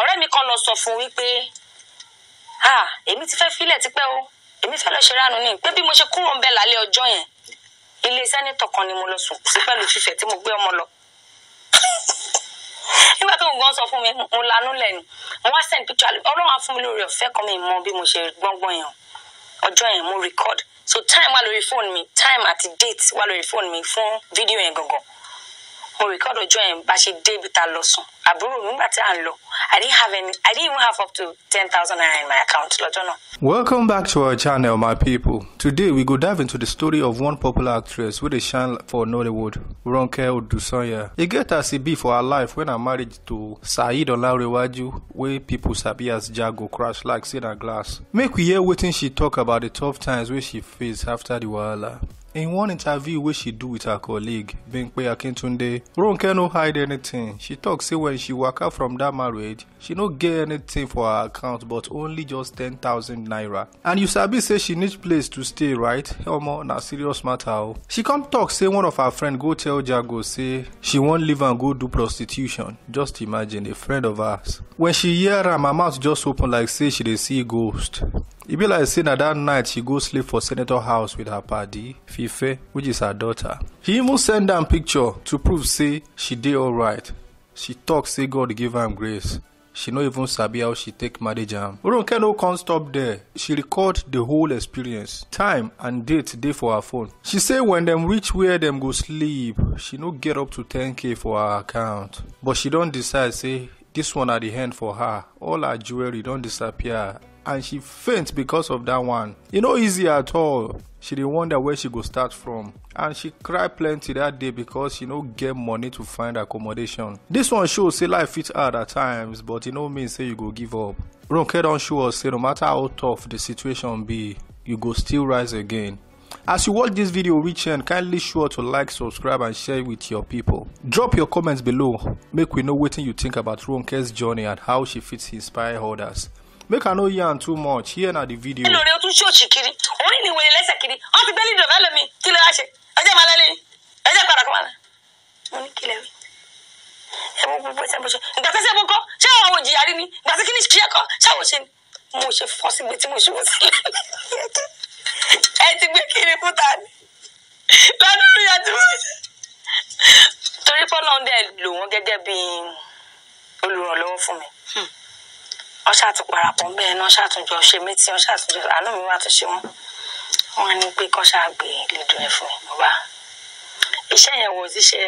ọ̀rẹ́ mi kan lọ sọ fún wípé ha èmi ti fẹ́ filẹ̀ tipẹ́ o èmi fẹ́ lọ ṣe ránu ní pé bí mo ṣe kúrò ń bẹ lálẹ́ ọjọ́ yẹn ilé sẹ́nitọ̀ kan ni mo lọ sùn sí pẹ̀lú fífẹ́ tí mo gbé ọmọ lọ nígbà tó ń gan sọ fún mi mo lanú lẹ́nu mo wá send picture àlè ọlọ́run á fún mi lórí ọ̀fẹ́ kan mi mọ bí mo ṣe gbọ́ngbọ́n yẹn ọjọ́ yẹn mo record so time wà lórí fóònù mi time àti date wà lórí fóònù mi fún fídíò yẹn gangan mo record ọjọ́ yẹn bá ṣe débi ta lọ sùn àbúrò nígbà tí à ń lọ i didn't have any i didn't even have up to ten thousand naira in my account lọ́jọ́ náà. welcome back to our channel my people today we go dive into the story of one popular actress wey dey shine for nollywood ronke odusanya e get as e be for her life when her marriage to saheed olarewaju wey pipo sabi as jago crash like say na glass make we hear wetin she talk about the tough times wey she face after the wahala. In one interview wey she do with her colleague, Bimpe Akintunde, Ronke no hide anything. She tok say when she waka from that marriage, she no get anything for her account but only just 10,000 naira. And you sabi say she need place to stay right? Omo, na serious matter She come talk say one of her friend go tell Jago say she won't leave and go do prostitution. Just imagine, a friend of hers. When she hear am, her mouth just open like say she dey see ghost e be like say na dat night she go sleep for senator house with her padi fife which is her daughter he even send am picture to prove say she dey alright she talk say god give her grace she no even sabi how she take manage am ronke no come stop there she record the whole experience time and date day for her phone she say when them reach where them go sleep she no get up to 10k for her account but she don't decide say this one at the hand for her all her jewelry don't disappear and she faint because of that one You know, easy at all she didn't wonder where she go start from and she cried plenty that day because she no get money to find accommodation This one shows say life fit hard at times but e no mean say you go give up ronke don't show us say no matter how tough the situation be you go still rise again as you watch this video reach end kindly sure to like subscribe and share with your people. drop your comments below make we know what you think about ronke's journey and how she fits inspire others make i no yarn too much here na the video. nínú rẹ o tún ṣòṣì kiri òun ní ìwé ẹlẹsẹ kiri wọn fi bẹẹlí dọ̀bẹ́ lómi kí ló wá ṣe ẹjẹ máa lálẹ́ ni ẹjẹ padà kọ́ máa mo ní kílẹ̀ mi ẹ bó gbogbo ẹsẹ̀ bó ṣe ìgbà tẹ́sẹ̀ bó kọ́ ṣé àwọn àwọn òjìyà rí ni ìgbà tí kí ni kí ẹ kọ́ ṣé àwọn ṣe ni mo ṣe fọ́ sí gbé tí mo ṣubú sí ẹ ti gbé kiri fúta ni lọ́dún mi àti mo ṣe torí pọ́nlọ́ndẹ̀ lò wọ́n gẹ́gẹ́ bí olùrànlọ́wọ́ fún mi. Hmm wọ́n ṣàtún parapọ̀ bẹ́ẹ̀ náà ṣàtúnjọ ṣe mítí wọ́n ṣàtúnjọ àánú mi wá tún ṣe wọ́n wọ́n ní pé kọ́ ṣàgbé lẹ́dùn ẹ̀ fún mi bá iṣẹ́ yẹn wò sí ṣe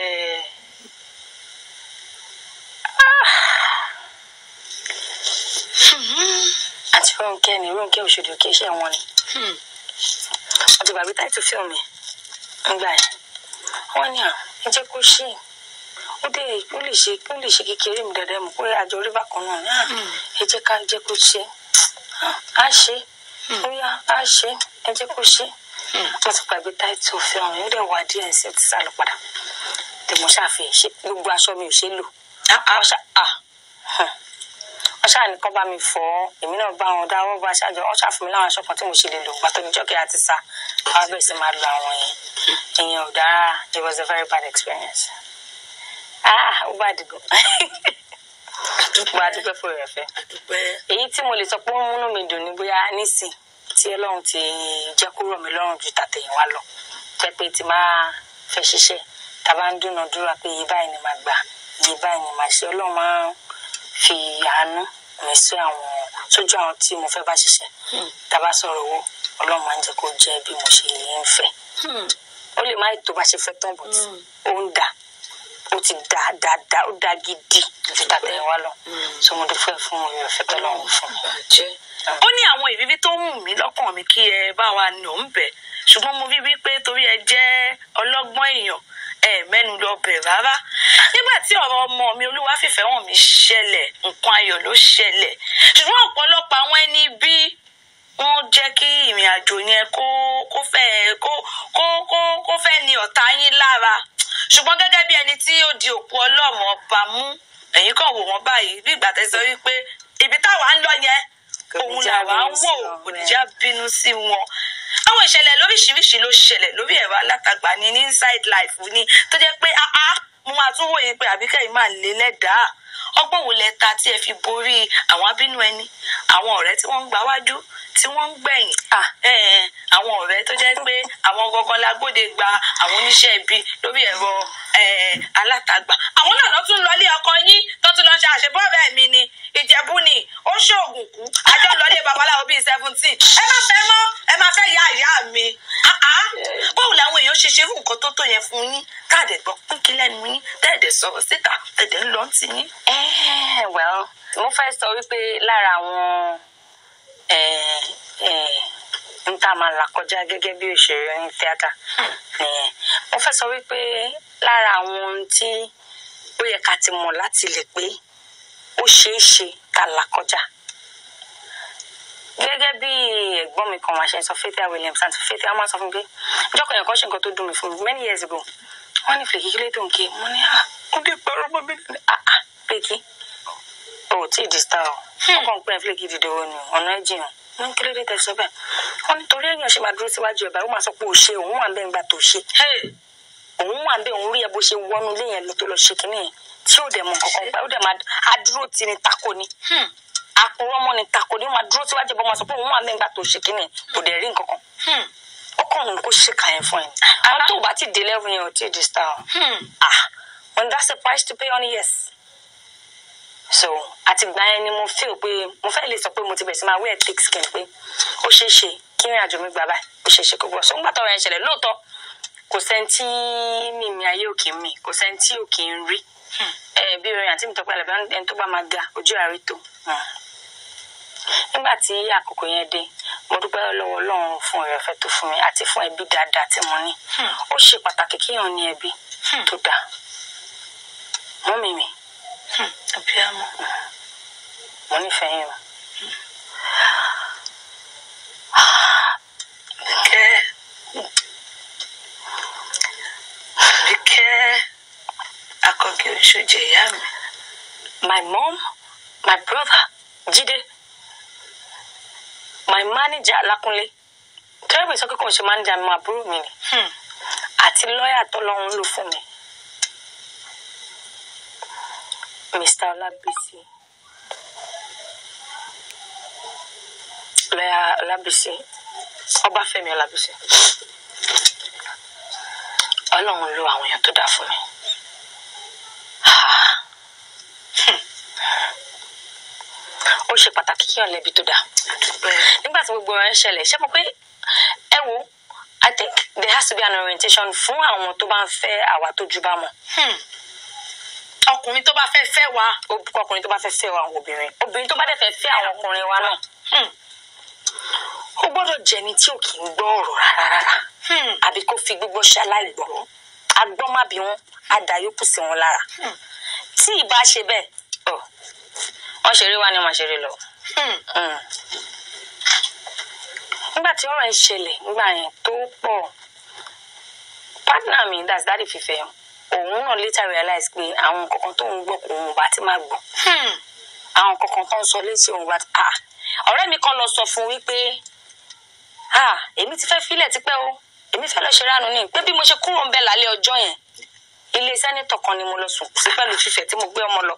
ah, àti Rónkẹ́ ni Rónkẹ́ Òṣòdì Òkè iṣẹ́ wọn ni wọ́n ti bàbí táìtù fíìmù mi yẹn wọ́n ní à ń jẹ́ kó ṣe é ó dé ó lè ṣe ó lè ṣe kékeré mi dáadáa mọ̀ pé àjọ rí bákan náà náà ah, hmm. ẹ jẹ́ ká jẹ́ kó ṣe á ah, ṣe hmm. ó yá á ṣe ẹ jẹ́ kó ṣe wọ́n hmm. ti pàgbé táìtì òfin ọ̀run yóò dẹ̀ wá díẹ̀ sí ti sálọ padà tèmọ ṣàfihàn ṣe gbogbo aṣọ mi ò ṣe lò ah, ọṣà nìkan bá mi fọ ọ èmi náà bá wọn dáwọ bá ṣáájọ ọṣà fún mi láwọn aṣọ kan tí mo ṣe lè lò pàtó níjọ kí a ti sá àwọn bẹ̀rẹ̀ sí máa lo àwọn yẹn ìyẹn ò dára it was a very bad experience. Ah, ó bá dìgbò mo adúpẹ́ fún ìrẹ̀fẹ́ èyí tí mo lè sọ pé ó ń múnú mi dùn ní bóyá nísìn tí ọlọ́run ti jẹ́ kó rọ̀ mí lọ́rùn tá a bá ń dúnadúrà pé iye báyìí ni màá gbà iye báyìí ni màá ṣe ọlọ́run máa ń fi àánú mi sí tá hmm. a bá sọ̀rọ̀ owó ọlọ́run máa ń jẹ́ kó jẹ́ bí mo ṣe ń fẹ́ hmm. ó lè má tó bá ṣe fẹ́ tán bọ̀t hmm. ó ń dà O ti dá dáadáa ó dá gidi ju tàtẹ̀yìnwá lọ mm. so mo dúpẹ́ fún oore ọ̀fẹ́ tọ́lọ́ wọn fún mi. Ah. ó ní àwọn ìrírí tó ń mú mi lọ́kàn mi kí ẹ bá wa nù ń bẹ̀ ṣùgbọ́n mo rí wípé torí ẹ jẹ́ ọlọ́gbọ́n èèyàn ẹ mẹ́nu lọ bẹ̀ rárá nígbà tí ọ̀rọ̀ ọmọ mi olúwàfífẹ́ hàn mi ṣẹlẹ̀ nǹkan ayọ̀ ló ṣẹlẹ̀ ṣùgbọ́n ọ̀pọ̀lọpọ̀ àwọn ẹni bíi wọn jẹ kí ìrìn àjò yẹn kó kó fẹ́ kó kó kó fẹ́ ní ọ̀tá yín lára ṣùgbọ́n gẹ́gẹ́ bí ẹni tí ó di òkú ọlọ́run ọba mú ẹ̀yin kan wò wọ́n báyìí bí ìgbà tẹ́sán wípé ibi táwa ń lọ yẹn òun làwa ń wò ònìjà bínú sí wọn àwọn ìṣẹ̀lẹ̀ lóríṣiríṣi ló ṣẹlẹ̀ lórí ẹ̀rọ alátagbà ni ní inside life ni tó jẹ́ pé áá mo máa tún wòye pé àbíkẹ́ yìí máa lé lẹ́dàá ọgbọ́n wo lẹ́ta tí ẹ fi borí àwọn abínú ẹni àwọn ọ̀rẹ́ tí wọ́n ń gbáwájú tí wọ́n ń gbẹ̀yìn ah. àwọn ọ̀rẹ́ tó jẹ́ pé àwọn gangan lágbóde gba àwọn oníṣẹ́ ibi lórí ẹ̀rọ alátagbà àwọn náà lọ́ tún lọlé ọkọ yín tó tún lọ ṣe àṣebọ́ọ̀rẹ́ mi ni ìjẹ̀bú ni ó ṣoògùn kú àjọ lọlé babaláwo bíi seventeen ẹ má fẹ́ mọ́ ẹ má fẹ́ ya ìyá mi ah, ah. báwo làwọn èèyàn ṣe ṣe irú nǹkan tó tó yẹn fún yín káàdé gbọ́ pínkì lẹ́nu yín tẹ́ẹ̀dẹ̀ sọ̀rọ̀ síta tẹ̀dẹ̀ ń lọ́ọ́ tì yín. Eh, well mo fẹ́ sọ wípé lára àwọn n tá a máa là kọjá gẹ́gẹ́ bí òṣèré ní tíátà nìyẹn mo fẹ́ sọ wípé lára àwọn ohun tí ó yẹ ká ti mọ̀ láti lè pé ó ṣeé ṣe ká là kọjá gẹ́gẹ́ bí ẹ̀gbọ́n mi kan wá ṣe sọ Fathia Williams àti Fathia máa sọ fún mi pé ìjọkọ̀ yẹn kan ṣe nǹkan tó dùn mí fún mi many years ago wọ́n ní fìlè kíkílẹ̀ dùn kí mo ní à ah, ó dé pẹ̀lú ọmọ mi nínú àà ah, ah, pé kí o ò tí ì di o nǹkan pẹ́ fílẹ̀ gidi dòwò ni ọ̀nà ẹ̀ jìnnà ní kí ló dé tẹ̀sọ́ bẹ́ẹ̀ wọ́n ní torí èèyàn ṣe máa dúró síwájú ẹ̀ báyìí ó máa sọ pé ò ṣe òun wà ń bẹ́ẹ̀ ń gbà tó ṣe òun wà ń bẹ́ẹ̀ òun rí ẹ bó ṣe wọnú ilé yẹn ló tó lọ ṣe kínní yẹn tí ò dẹ̀ mọ̀ kankan gbà ó dẹ̀ máa adúró ti ni tako ni àpòrọ̀ hmm. ọmọ ni tako ni ó máa dúró síwájú ẹ̀ bó máa sọ pé òun wà ń bẹ́ẹ̀ ń gbà tó ṣe kínní so àti gbà yẹn ni mo feel pé mo fẹ́ lè sọ pé mo ti bẹ̀rẹ̀ sí máa wear thick skin pé ó ṣeé ṣe kí ìrìn àjò mi gbà báyìí ó ṣeé ṣe kó gbọ́ so ń gbàtọ̀ rẹ̀ ṣẹlẹ̀ lóòótọ́ kò sẹ́ńtì mímí ayé òkè mi kò sẹ́ńtì òkè ń rí hmm. bí orin àti ìtọ́pẹ́ àlàbẹ́ ẹni tó bá máa ga ojú àárí tó hmm. nígbà tí àkókò yẹn dé mo dúpẹ́ lọ́wọ́ ọlọ́run fún ìrẹ̀fẹ́ tó fún mi àti fún ẹbí dáadáa tí mo ní hmm. ó ṣe pàtàkì kéèyàn ní ẹbí tó dáa mú mi abiamọ mo nífẹ̀ẹ́ yín o. Bíkẹ́ Bíkẹ́ My mom, my brother, Jide, my manager Lakunle. Tell me pé kò ń ṣe manager mi, àbúrò mi ni. Hmm. Àti lọ́ọ̀yà tó lọ́run lò fún mi. Mr. Olabisi. Mayor Olabisi. Ọbáfẹ́mi Olabisi. Ọlọ́run ló àwọn èèyàn tó dáa fún mi. Ó ṣe pàtàkì kí èèyàn lẹ́bi tó dáa. Nígbà tí gbogbo ọ̀rọ̀ ń ṣẹlẹ̀, ṣé mo pé ẹ wo I think there has to be an orientation fún àwọn tó bá ń fẹ́ àwa tó jù bá mọ̀. Hmm ọkùnrin tó bá fẹ́ fẹ́ wa ọkùnrin tó bá fẹ́ fẹ́ wa àwọn obìnrin obìnrin tó bá dẹ̀ fẹ́ fẹ́ àwọn ọkùnrin wa náà hmm, ó gbọ́dọ̀ jẹni tí ò kì í gbọ́ ọ̀rọ̀ rárá hmm, àbí kó fi gbígbọ́ ṣaláì gbọ́ agbọ́mábí wọn adàyókù sí wọn lára hmm, tí ì bá ṣe bẹ́ẹ̀ wọ́n ṣeré wá ní wọ́n ṣeré lọ. nígbà tí ọ̀rọ̀ ẹ̀ ṣẹlẹ̀ nígbà yẹn tó pọ̀ pátánà mi dàsí dáàdì fífẹ́ yẹn òun náà later realize pé àwọn kankan tó ń gbọ́ kò òun bá ti máa gbọ́ hmm. àwọn kankan tó ń sọ létí òun bá ti ah ọ̀rẹ́ mi kan lọ sọ fún wípé ah èmi ti fẹ́ filẹ̀ tipẹ́ o èmi fẹ́ lọ ṣe ránu ní pé bí mo ṣe kúrò ń bẹ lálẹ́ ọjọ́ yẹn ilé sẹ́nitọ̀ kan ni mo lọ sùn sí pẹ̀lú fífẹ́ tí mo gbé ọmọ lọ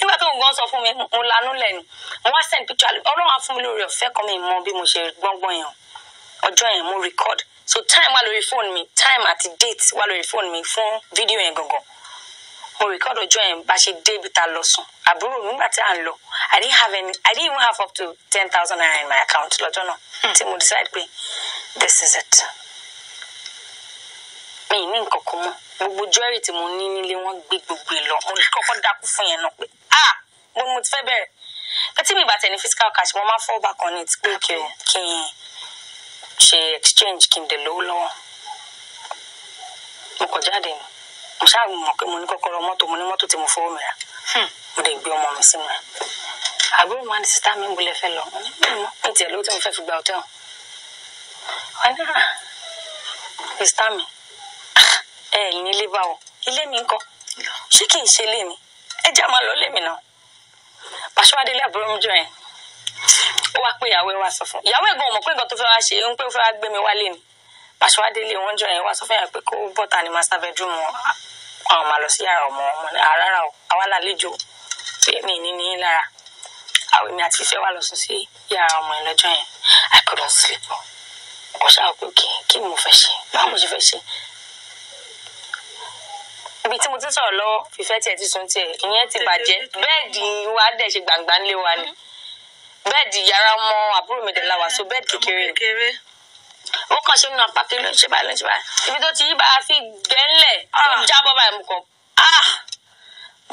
nígbà tó ń sọ fún mi mo lanú lẹ́nu mo wá send picture ọlọ́run á fún mi lórí ọ̀fẹ́ kan mi mọ bí mo ṣe gbọ́ngbọ́n yẹn ọjọ́ yẹn mo record so time wà lórí fóònù mi time àti date wà lórí fóònù mi fún fídíò yẹn gangan mo record ọjọ́ yẹn bá ṣe dé ibi tá a lọ sùn àbúrò nígbà tí à ń lọ i didn't have any i didn't even have up to ten thousand naira in my account lọ́jọ́ náà hmm. tí mo decide pé this is it mi ní nǹkan kan mọ́ gbogbo jewelry tí mo ní nílé wọ́n gbé gbogbo ẹ̀ lọ mo lè kọ́kọ́ dákú fún yẹn náà pé ah mo mo ti fẹ́ bẹ̀rẹ̀ pé tí mi bá ní physical cash mo máa fall back on it. ti pé kí n she exchange kí n dẹ̀ lówó lọ́wọ́ mo kọ̀ jáde ni mo ṣáà mọ̀ pé mo ní kọ́kọ́rọ́ mọ́tò mo ní mọ́tò tí mo fọwọ́ mi rà hmm. mo dẹ̀ gbé ọmọ mi sínú ẹ̀ àbúrò wọn ni sísá mi ń bulẹ̀ fẹ́ lọ mo ní hmm, fi gba hòtẹ́ẹ̀lì wọn ní ah, mi ẹ ẹ̀ ní ilé bá o ilé mi ń kọ́ ṣé kì í ṣe ilé mi ẹ jẹ́ àmọ́ lọ ilé mi náà pàṣẹ wá délé àbúrò mi jọ ó wá pé ìyàwó ẹ wá sọ fún ìyàwó ẹ̀gbọ́n mọ̀ pé nǹkan tó fẹ́ wá ṣe ń pé ó fẹ́ wá gbé mi wálé ni pàṣẹ wá délé wọn jọ yẹn wá sọ fún yàrá pé kó bọ́ta ni master bedroom àwọn máa lọ sí yàrá ọmọ ọmọ àràrà àwa lálejò pé mi ní ní lára àwọn èmi àti ìfẹ́ wà lọ sùn sí yàrá ọmọ ẹ lọ́jọ́ yẹn I couldn't sleep ó ṣáà pé kí kí mo fẹ́ ṣe báwo mo ṣe fẹ́ ṣe ibi tí mo ti sọ̀rọ̀ lọ́wọ́ fífẹ́ tiẹ̀ ti sun tiẹ̀ ìyẹn ti bàjẹ́ bẹ́ẹ̀dì wa dẹ̀ ṣe gbàngbà ńlé wa ni bẹ́ẹ̀dì yàrá ọmọ àbúrò mi dẹ̀ la wà so bẹ́ẹ̀dì kékeré ó kàn ṣe nínú apáké ló ń ṣe báyìí ló ń ṣe báyìí ibi tó ti yí báyà fi gẹ́ńlẹ̀ ó ah. jábọ́ báyìí mo kàn ah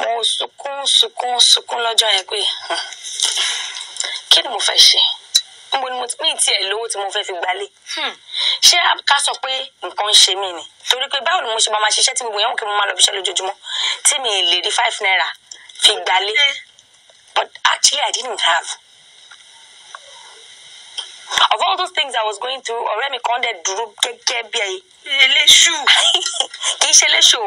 mo sunkún sunkún sunkún lọ́jọ́ yẹn pé hmm, kí ni mo fẹ́ ṣe níbo ni mo ti pín tiẹ̀ lówó tí mo fẹ́ fi gbalé hmm. ṣé ká sọ pé nǹkan ń ṣe mí ni torí pé báwo ni mo ṣe máa ma ṣiṣẹ́ tí gbogbo yẹn wò kí mo máa lọ bíṣẹ́ lójoojúmọ́ tí mi lè rí five naira fi gbalé but actually I didn't have of all those things I was going through ọ̀rẹ́ mi kan dẹ̀ dúró gẹ́gẹ́ bí ẹ. eléṣù. kì í ṣe eléṣù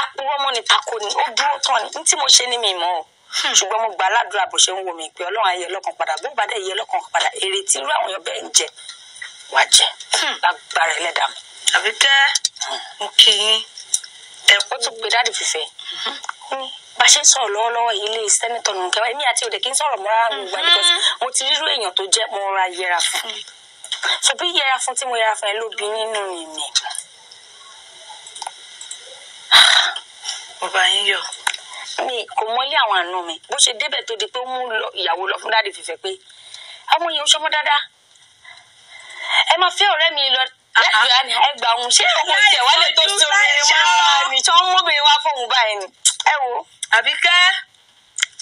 apurọ́ mọ́ ni tako ni ó dúró tán ni ní tí mo ṣe ni mi mọ́ hmm. ṣùgbọ́n mo gbà aládùúrà bó ṣe ń wo mi pé ọlọ́run ayé ẹlọ́kan padà bó bá dẹ̀ yẹ ẹlọ́kan padà èrè tí irú àwọn èèyàn ń jẹ wá jẹ hmm. lágbára ẹlẹ́dàá àbí tẹ́ hmm. mo kì í. ẹ̀kọ́ tó pe dáàdì fífẹ́ bá ṣe ń sọ̀rọ̀ lọ́wọ́lọ́wọ́ yìí ilé sẹ́nitọ̀ nù kẹwàá èmi àti òde kì í sọ̀rọ̀ mọ́ra mi wà because mm-hmm. mo ti rírú èèyàn tó jẹ́ mo ra yẹra fún mm-hmm. so bí yẹra fún tí mo yẹra fún ẹ ló bí nínú mi mi. bàbá yín yọ. mi kò mọlé àwọn àna mi bó ṣe débẹ̀ tó di pé ó mú ìyàwó lọ fún dáàdì fífẹ́ pé ọmọ yẹn ó ṣọmọ dáadáa ẹ máa fẹ́ ọ̀rẹ́ mi lọ ẹgbà òun ṣé òun ṣẹ̀wálé tó ṣe òun ẹni máa ń wà ní tí wọ́n mú obìnrin wá fóun báyìí ni ẹ wo àbíkẹ́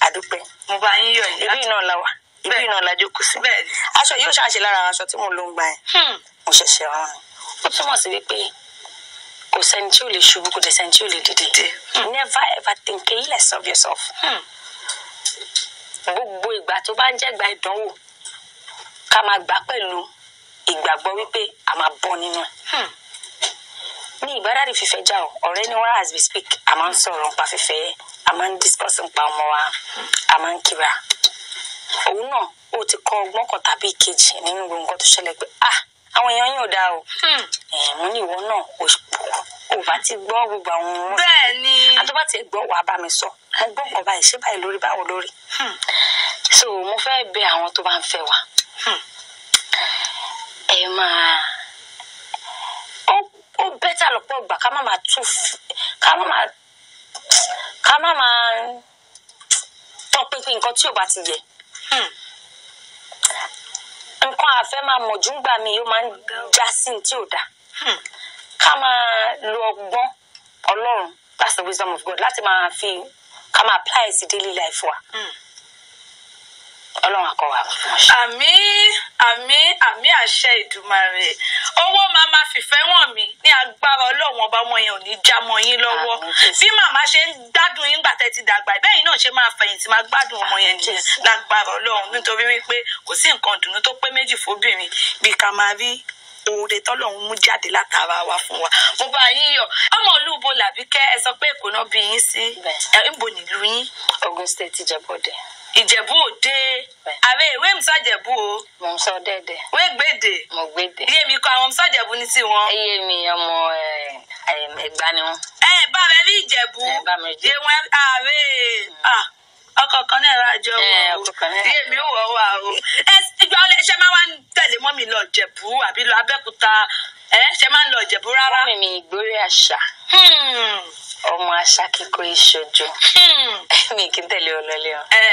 àdúpẹ́ mo bá yín yọ ìyá ibi náà la wà ibi náà la jókòó sí aṣọ yóò ṣàṣe lára aṣọ tí mo ló ń gbà yẹn hmm. mo ṣẹ̀ṣẹ̀ rán ó túmọ̀ sí wípé kò sẹ́ni tí ò lè ṣubú kò dẹ̀ sẹ́ni tí ò lè dìde never ever think less of yourself hmm. gbogbo ìgbà tó bá ń jẹ́gbà ìdánwò ká máa gbà pẹ̀lú ìgbàgbọ́ wípé a máa bọ́ nínú ẹ̀ ní hmm. ìbáradì fífẹ́ já o ọ̀rẹ́ ni wọ́n has been speak a máa ń sọ̀rọ̀ nípa fífẹ́ aman máa ń discuss nípa ọmọ wa a máa ń kíra òun náà ó ti kọ́ ọgbọ́n kan tàbí ìkejì nínú gbogbo nǹkan ah àwọn èèyàn yóò dá o hmm. mo ní ìwọ náà o bá ti gbọ́ gbogbo àwọn ohun bẹ́ẹ̀ ni àti bá ti gbọ́ wàá bá mi sọ mo gbọ́ nǹkan báyìí ṣé báyìí lórí báwo lórí hmm. so mo fẹ́ bẹ̀ àwọn tó bá ń fẹ́ wa hmm. ẹ máa ó bẹ́tà lọ́pọ̀ ìgbà ká má máa tú ká má máa ká má máa tọpinpin nǹkan tí ò bá ti yẹ hmm. nǹkan àfẹ́ máa mọ̀jú gbà mí yóò máa ń já sí tí ò dáa hmm. ká máa lo ọgbọ́n ọlọ́run that's the wisdom of God láti máa fi ká máa apply it to daily life wa. Hmm ọlọ́run àkọwà fún ọ. àmín àmín àmín àṣẹ ìdùmarè owó màmá fìfẹ́ wọ̀n mí ní agbára ọlọ́run ọba ọmọ yẹn ò ní já mọ́ yín lọ́wọ́ bí màmá ṣe ń gbádùn yín gbàtẹ́ ti dàgbà bẹ́ẹ̀ náà ṣe máa fẹ̀yìntì máa gbádùn ọmọ yẹn nìyẹn lágbára ọlọ́run nítorí wípé kò sí nǹkan dùnú tó pé méjì fóbìnrin bí ká máa rí oore tọ́lọ́run mú jáde látara wa fún wa mo bá yín yọ̀ ọmọ olúbo làbíkẹ́ ẹ sọ pé èkó náà bí yín sí ẹ ń bo nílùú yín. Ogun State Ìjẹ̀bú ìjẹ̀bú òde àmì ìwé mi sọ̀jẹ̀bú o. mo sọ dẹ́dẹ̀. wé gbèdè. mo gbèdè. iye mi kọ àwọn sọ̀jẹ̀bú ní tiwọn. iye mi ọmọ ẹgbà ni wọn. ẹ bá mi rí ìjẹ̀bú. ẹ bá mi rí. iye wọn àmì ọkọ̀ kan náà rájọ wọn o iye mi wọ̀ wá o. ẹ ìgbà wọlé ṣe máa wá tẹ̀lé mọ́mi lọ jẹ̀bú àbí lọ Abẹ́òkúta ẹ ṣe máa ń lọ jẹ̀bú rárá. mọ́mi mi ìgbórè àṣà. Hmm ọmọ aṣákíkó ìṣojú hmm. mi kì í tẹ̀lé ọ lọlé o. ẹ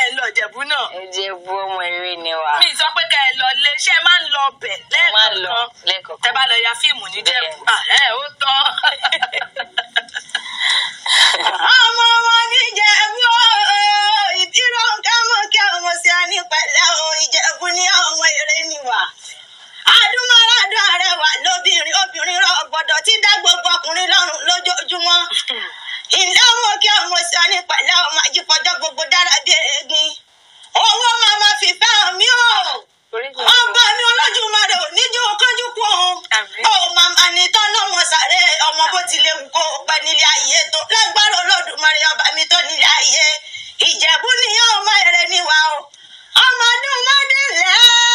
ẹ lọ jẹ̀bú náà. ẹ jẹ̀bú ọmọ eré ni wa. mi sọ pé ká ẹ lọ lé ṣé ẹ máa ń lọ bẹ̀ lẹ́ẹ̀kọ̀ọ̀kan tẹ bá lọ ya fíìmù ní jẹ̀bú ah, ẹ ó tọ́. ọmọ ọmọ ní jẹ̀bú ìbírọ̀ kámọ́ kí ọmọ sí a nípa ìlà ọmọ ìjẹ̀bú ní ọmọ eré ni wa. ti dá gbogbo ọkùnrin lọ́rùn lójoojúmọ́ ìnáwó kí ọmọ sí ọ nípa ìnáwó máa jí fọjọ́ gbogbo dára bí egun owó máa ma fi fẹ́ mi o ọba mi Olódùmarè ò níjú kánjú kú òun ó màmá ní tọ́nà wọn sáré ọmọ bó ti léwu kó o pẹ́ nílé ayé tó lágbára Olódùmarè ọba mi tó nílé ayé ìjẹ̀bú nìyá ọmọ èrè níwà o ọmọdún mọ́dún lẹ́ẹ̀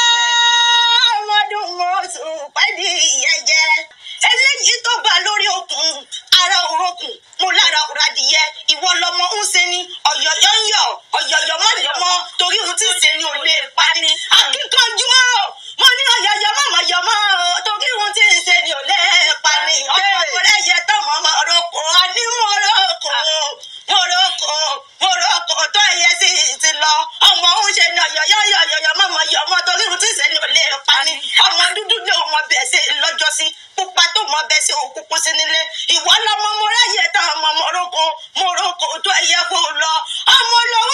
ọmọdún mọ́sùn pẹ́ẹ́dì ìyẹn jẹ́. es lechito Valorio I'm alone.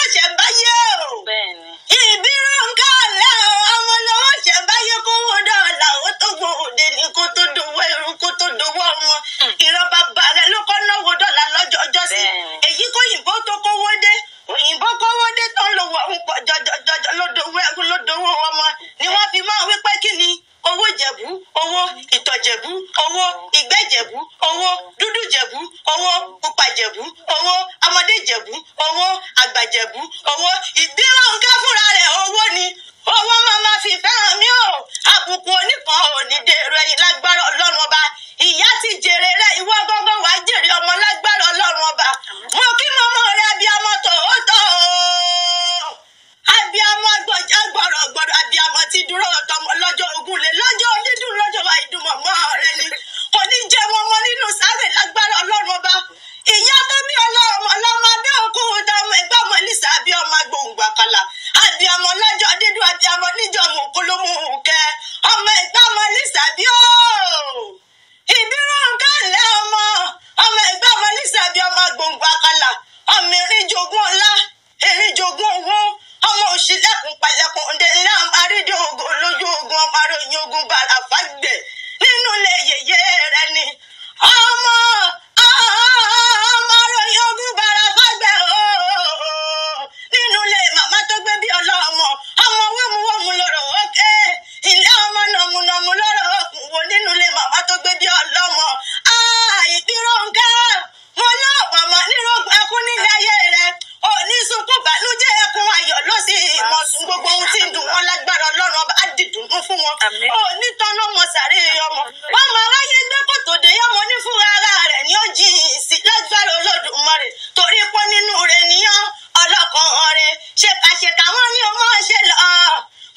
ó ní tọ́nà ọmọ sàrí ọmọ ọmọ aráyé gbé kòtò dé yọmọ ní fúnra rẹ̀ ni ó jí ìsìn lágbára olódùmarè torí pọ́ nínú rẹ̀ níyàn ọlọ́kan ọ̀rẹ́ ṣèkàṣèkà wọn ní o máa ṣe lọ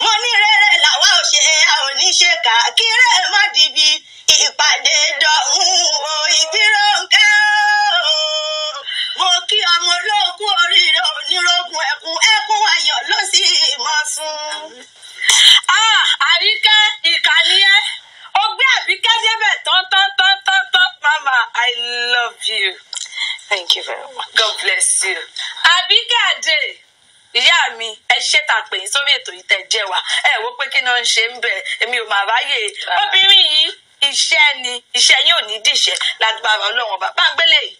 mo ní rere làwa ò ṣe a ò ní ṣe kà kí rẹ̀ má dìbì ìpàdé dọ̀hún o ìbíròǹkẹ́ o mo kí ọmọ olóògùn oríire onírògùn ẹkún ẹkún ayọ̀ ló sì mọ fún. ah àríkẹ́ ìkànnì ẹ àbíkẹ́ débẹ̀ tán tán tán tán tán mama i love you thank you very much god bless you àbíkẹ́ àdè ìyá mi ẹ ṣe tà pé sórí ètò yìí tẹ jẹ wá ẹ wo pé kí ni wọn ṣe ń bẹ èmi ò mà ráyè obìnrin yìí iṣẹ́ ni iṣẹ́ yín ò ní dìṣẹ́ lágbára Ọlọ́run bàbá gbélé yìí.